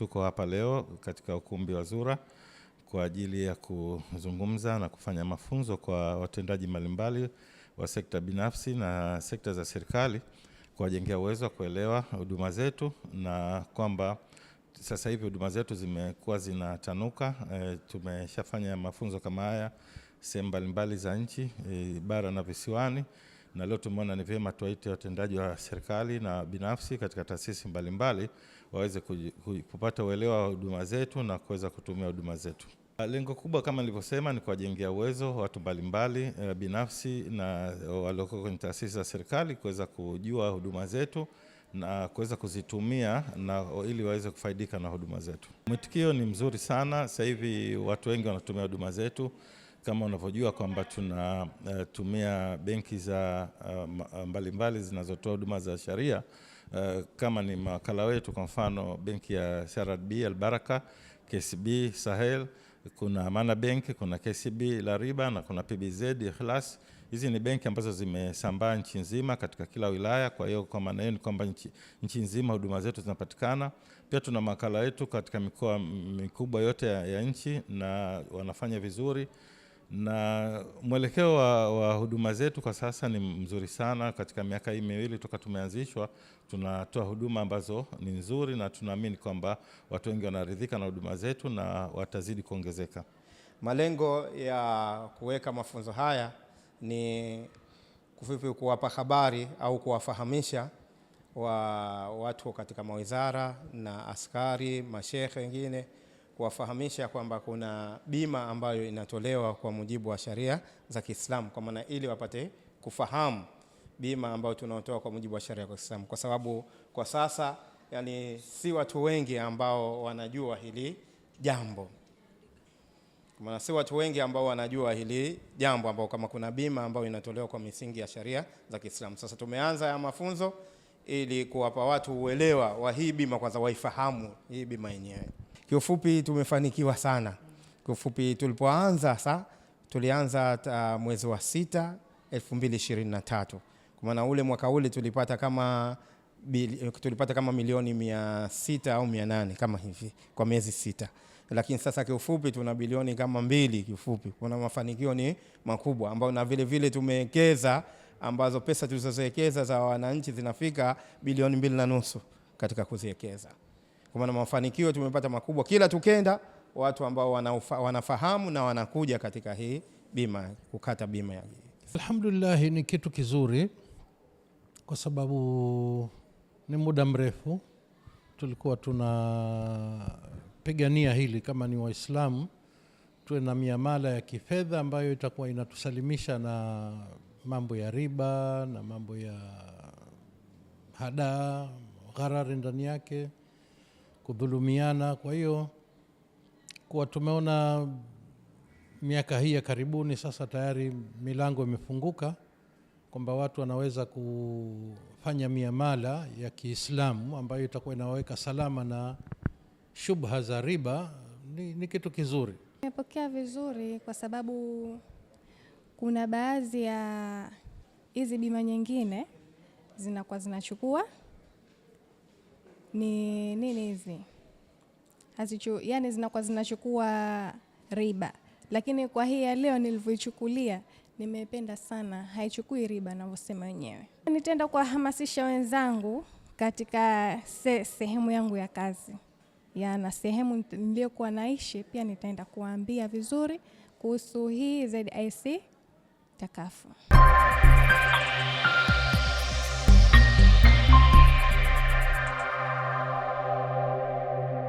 Tuko hapa leo katika ukumbi wa Zura kwa ajili ya kuzungumza na kufanya mafunzo kwa watendaji mbalimbali wa sekta binafsi na sekta za serikali, kuwajengea uwezo wa kuelewa huduma zetu na kwamba sasa hivi huduma zetu zimekuwa zinatanuka. E, tumeshafanya mafunzo kama haya sehemu mbalimbali za nchi e, bara na visiwani na leo tumeona ni vyema tuwaite watendaji wa serikali na binafsi katika taasisi mbalimbali waweze kupata uelewa wa huduma zetu na kuweza kutumia huduma zetu. Ah, lengo kubwa kama nilivyosema ni kuwajengea uwezo watu mbalimbali eh, binafsi na walioko kwenye taasisi za serikali kuweza kujua huduma zetu na kuweza kuzitumia na ili waweze kufaidika na huduma zetu. Mwitikio ni mzuri sana, sasa hivi watu wengi wanatumia huduma zetu kama unavyojua kwamba tunatumia eh, uh, benki za uh, mbalimbali zinazotoa huduma za sharia uh, kama ni mawakala wetu, kwa mfano benki ya CRDB Al Baraka, KCB Sahel, kuna Amana Bank, kuna KCB La Riba na kuna PBZ Ikhlas. Hizi ni benki ambazo zimesambaa nchi nzima katika kila wilaya. Kwa hiyo kwa maana hiyo ni kwamba nchi, nchi nzima huduma zetu zinapatikana. Pia tuna mawakala wetu katika mikoa mikubwa yote ya, ya nchi na wanafanya vizuri na mwelekeo wa, wa huduma zetu kwa sasa ni mzuri sana. Katika miaka hii miwili toka tumeanzishwa, tunatoa huduma ambazo ni nzuri, na tunaamini kwamba watu wengi wanaridhika na huduma zetu na watazidi kuongezeka. Malengo ya kuweka mafunzo haya ni kufupi, kuwapa habari au kuwafahamisha wa watu katika mawizara na askari, mashehe wengine kuwafahamisha kwamba kuna bima ambayo inatolewa kwa mujibu wa sharia za Kiislamu, kwa maana ili wapate kufahamu bima ambayo tunaotoa kwa mujibu wa sharia za Kiislamu, kwa sababu kwa sasa yani si watu wengi ambao wanajua hili jambo, kwa maana si watu wengi ambao wanajua hili jambo ambao kama kuna bima ambayo inatolewa kwa misingi ya sharia za Kiislamu. Sasa tumeanza ya mafunzo ili kuwapa watu uelewa wa hii bima, kwanza waifahamu hii bima yenyewe. Kiufupi tumefanikiwa sana. Kiufupi tulipoanza sa tulianza uh, mwezi wa sita 2023 kwa maana ule mwaka ule tulipata kama tulipata kama milioni mia sita au mia nane kama hivi kwa miezi sita, lakini sasa kiufupi tuna bilioni kama mbili. Kiufupi kuna mafanikio ni makubwa ambayo na vile vile tumewekeza ambazo pesa tulizoziwekeza za wananchi zinafika bilioni mbili na nusu katika kuziwekeza. Kwa maana mafanikio tumepata makubwa kila tukenda, watu ambao wanaufa, wanafahamu na wanakuja katika hii bima kukata bima ya alhamdulillah, ni kitu kizuri kwa sababu ni muda mrefu tulikuwa tunapigania hili kama ni Waislamu tuwe na miamala ya kifedha ambayo itakuwa inatusalimisha na mambo ya riba na mambo ya hadaa gharari ndani yake kudhulumiana. Kwa hiyo kuwa tumeona miaka hii ya karibuni sasa tayari milango imefunguka kwamba watu wanaweza kufanya miamala ya Kiislamu ambayo itakuwa inawaweka salama na shubha za riba. Ni, ni kitu kizuri, imepokea vizuri kwa sababu kuna baadhi ya hizi bima nyingine zinakuwa zinachukua ni nini hizi hazichu, yani zinakuwa zinachukua riba, lakini kwa hii ya leo nilivyoichukulia nimependa sana, haichukui riba navyosema wenyewe. Nitaenda kuwahamasisha wenzangu katika se, sehemu yangu ya kazi ya na sehemu niliyokuwa naishi, pia nitaenda kuwaambia vizuri kuhusu hii ZIC takafu